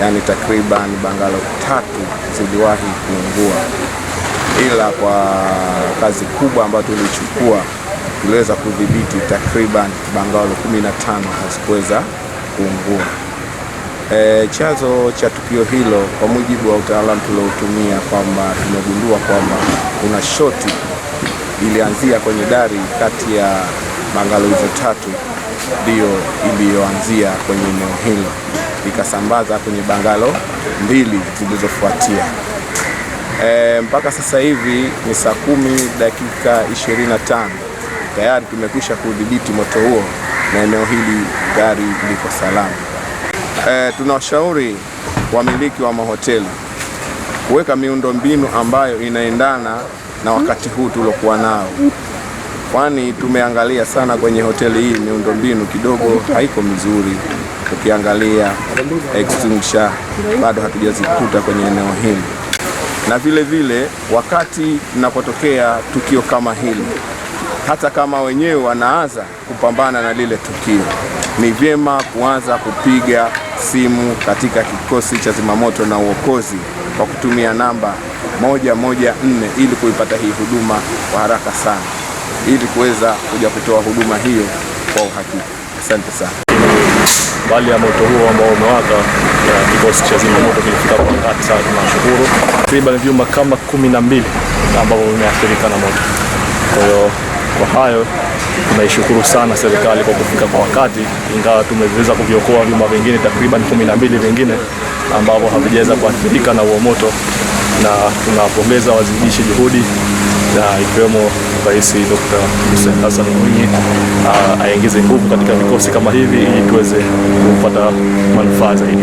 yani takriban bangalo tatu ziliwahi kuungua, ila kwa kazi kubwa ambayo tulichukua tuliweza kudhibiti takriban bangalo 15 hazikuweza kuungua. E, chanzo cha tukio hilo kwa mujibu wa utaalamu tuliotumia, kwamba tumegundua kwamba kuna shoti ilianzia kwenye dari kati ya bangalo hizo tatu, ndiyo iliyoanzia kwenye eneo hilo ikasambaza kwenye bangalo mbili zilizofuatia. E, mpaka sasa hivi ni saa kumi dakika 25 tayari tumekwisha kudhibiti moto huo na eneo hili gari liko salama. E, tunawashauri wamiliki wa mahoteli kuweka miundo mbinu ambayo inaendana na wakati huu tuliokuwa nao, kwani tumeangalia sana kwenye hoteli hii miundo mbinu kidogo haiko mizuri ukiangalia extinguisher bado hatujazikuta kwenye eneo hili, na vile vile wakati inapotokea tukio kama hili, hata kama wenyewe wanaanza kupambana na lile tukio, ni vyema kuanza kupiga simu katika kikosi cha zimamoto na uokozi kwa kutumia namba moja moja nne ili kuipata hii huduma kwa haraka sana ili kuweza kuja kutoa huduma hiyo kwa uhakika. Asante sana. Bali ya moto huo ambao umewaka na kikosi cha zimamoto kilifika kwa wakati sana, tunashukuru. Takriban vyumba kama kumi na mbili ambavyo vimeathirika na moto. Kwa hiyo kwa hayo tunaishukuru sana serikali kwa kufika kwa wakati, ingawa tumeweza kuviokoa vyumba vingine takriban kumi na mbili vingine ambavyo havijaweza kuathirika na huo moto, na tunawapongeza wazidishi juhudi na ikiwemo Rais Dr. Hussein Hassan Mwinyi ah, aingize nguvu katika vikosi kama hivi ili tuweze kupata manufaa zaidi.